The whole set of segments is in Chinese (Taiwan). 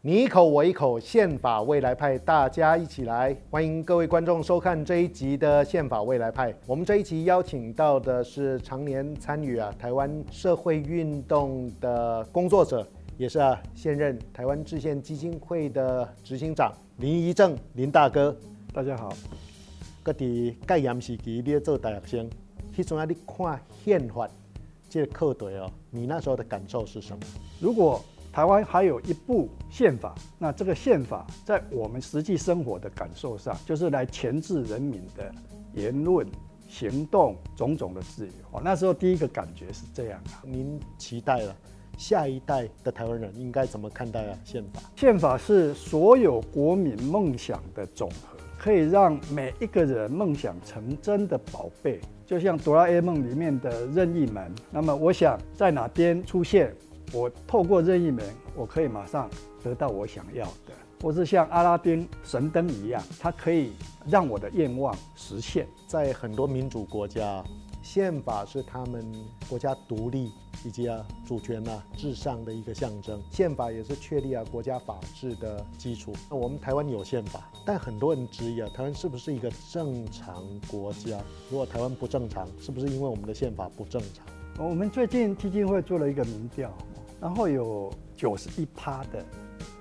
你一口我一口，憲法未來派，大家一起來！歡迎各位觀眾收看這一集的憲法未來派。我們這一集邀請到的是常年參與啊台灣社會運動的工作者，也是啊現任台灣制憲基金會的執行長林宜正林大哥。大家好，我佇戒嚴時期咧做大學生，迄陣啊咧看憲法，這個刻度哦，你那時候的感受是什麼？如果台灣還有一部憲法，那這個憲法在我們實際生活的感受上，就是來鉗制人民的言論、行動種種的自由。哦，那時候第一個感覺是這樣啊。您期待了下一代的台灣人應該怎麼看待啊，憲法，憲法是所有國民夢想的總和，可以讓每一個人夢想成真的寶貝，就像哆啦 A 夢裡面的任意門。那麼，我想在哪邊出現？我透過任意門，我可以馬上得到我想要的，或是像阿拉丁神燈一樣，它可以讓我的願望實現。在很多民主國家，憲法是他們國家獨立以及啊主權啊至上的一個象徵，憲法也是確立啊國家法治的基礎。那我們台灣有憲法，但很多人質疑啊，台灣是不是一個正常國家？如果台灣不正常，是不是因為我們的憲法不正常？我們最近基金會做了一個民調。然後有九十一趴的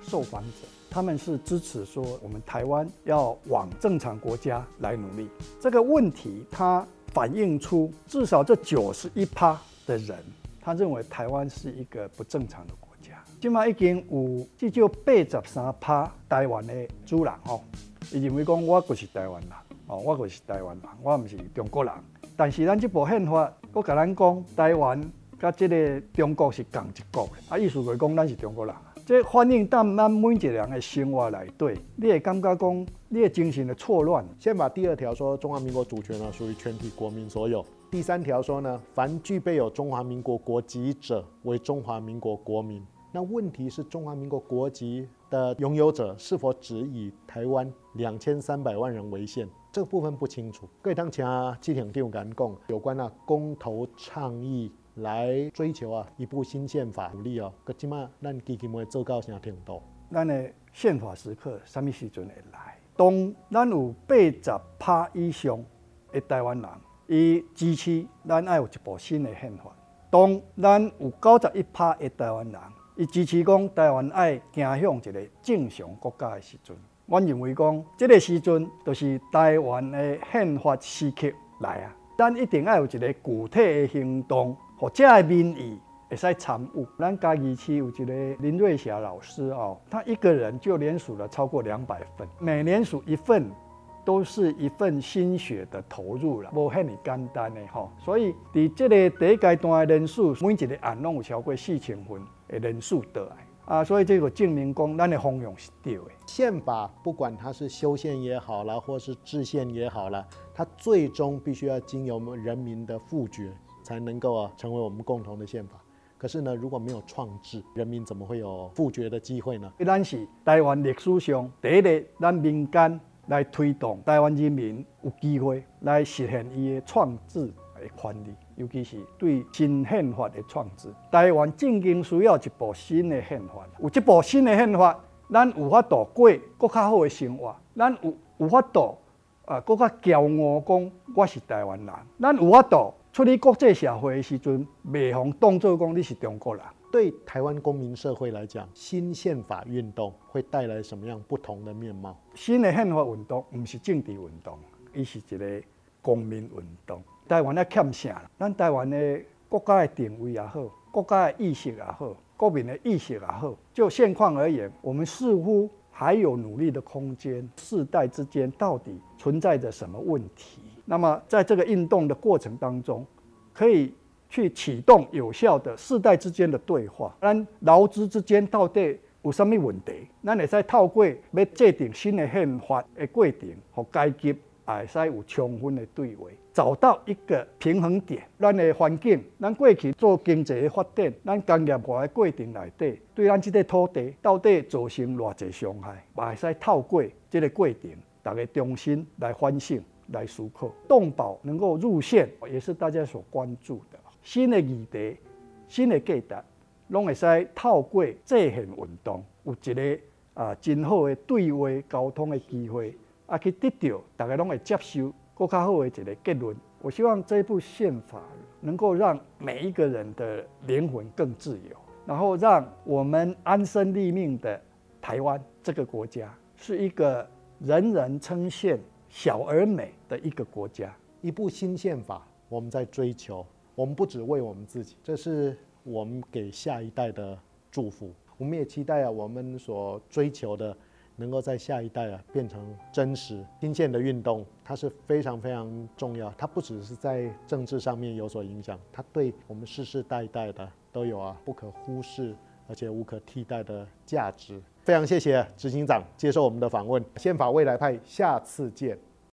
受訪者，他們是支持說我們台灣要往正常國家來努力。這個問題它反映出至少這九十一趴的人，他認為台灣是一個不正常的國家。今嘛已經有至少八十三趴台灣的主人吼，伊認為講我就是台灣人，哦，我就是台灣人，我唔是中國人。但是咱這部憲法，佮咱講台灣。跟這個中國是同一國的。啊意思就是講咱是中國人。這反映到咱每一個人的生活裡對，你會感覺講你的精神的錯亂。先把第二條說，中華民國主權呢屬於全體國民所有。第三條說呢，凡具備有中華民國國籍者為中華民國國民。那問題是中華民國國籍的擁有者是否只以台灣兩千三百萬人為限？這個部分不清楚。各位當前幾點第五個人講有關啊公投倡議，來追求啊，一部新憲法努力哦。擱即馬，咱基金會做到啥程度？咱的憲法時刻，啥物時陣會來？當咱有八十趴以上的台灣人，伊支持咱愛有一部新的憲法；當咱有九十一趴的台灣人，伊支持講台灣愛走向一個正常國家的時陣，我認為講即個時陣就是台灣的憲法時刻來啊。咱一定愛有一個具體的行動。或者，民意會使參與。咱家二期有一個林瑞霞老師哦、喔，他一個人就連署了超過兩百份，每連署一份都是一份心血的投入了，無遐爾簡單嘞吼。所以，佇這個第一階段的連署，每一個案攏有超過四千份的連署得來啊，所以這個證明講咱的方向是對的。憲法不管它是修憲也好啦，或是制憲也好啦，它最終必須要經由我們人民的複決。才能夠啊成為我們共同的憲法。可是呢，如果沒有創制，人民怎麼會有複決的機會呢？咱是台灣歷史上第一個，咱民間來推動台灣人民有機會來實現伊的創制的權利，尤其是對新憲法的創制。台灣正經需要一部新的憲法。有一部新的憲法，咱有法度過更較好的生活。咱有有法度啊，更加驕傲講我是台灣人。咱有法度。出你國際社會的時陣，袂妨當作講你是中國人。對台灣公民社會來講，新憲法運動會帶來什麼樣不同的面貌？新的憲法運動唔是政治運動，伊是一個公民運動。台灣也欠啥？咱台灣的國家的定位也好，國家的意識也好，國民的意識也好，就現況而言，我們似乎還有努力的空間。世代之間到底存在着什麼問題？那麼，在這個運動的過程當中，可以去啟動有效的世代之間的對話。咱勞資之間到底有啥咪問題？咱會使透過要制定新的憲法的過程，和階級也會使有充分的對話，找到一個平衡點。咱的環境，咱過去做經濟的發展，咱工業化的過程內底，對咱這個土地到底造成偌濟傷害，也會使透過這個過程，大家重新來反省。來輸口，動保能夠入憲，也是大家所關注的。新的議題、新的解答，攏會使透過這項運動，有一個啊、呃、真好誒對話溝通的機會，啊去得到大家攏會接受，擱較好誒一個結論。我希望這部憲法能夠讓每一個人的靈魂更自由，然後讓我們安身立命的台灣這個國家，是一個人人稱羨小而美的一個國家，一部新憲法，我們在追求。我們不只為我們自己，這是我們給下一代的祝福。我們也期待啊，我們所追求的，能夠在下一代啊變成真實。新憲的運動，它是非常非常重要。它不只是在政治上面有所影響，它對我們世世代代的都有啊不可忽視，而且無可替代的價值。非常謝謝執行長接受我們的訪問，憲法未來派下次見。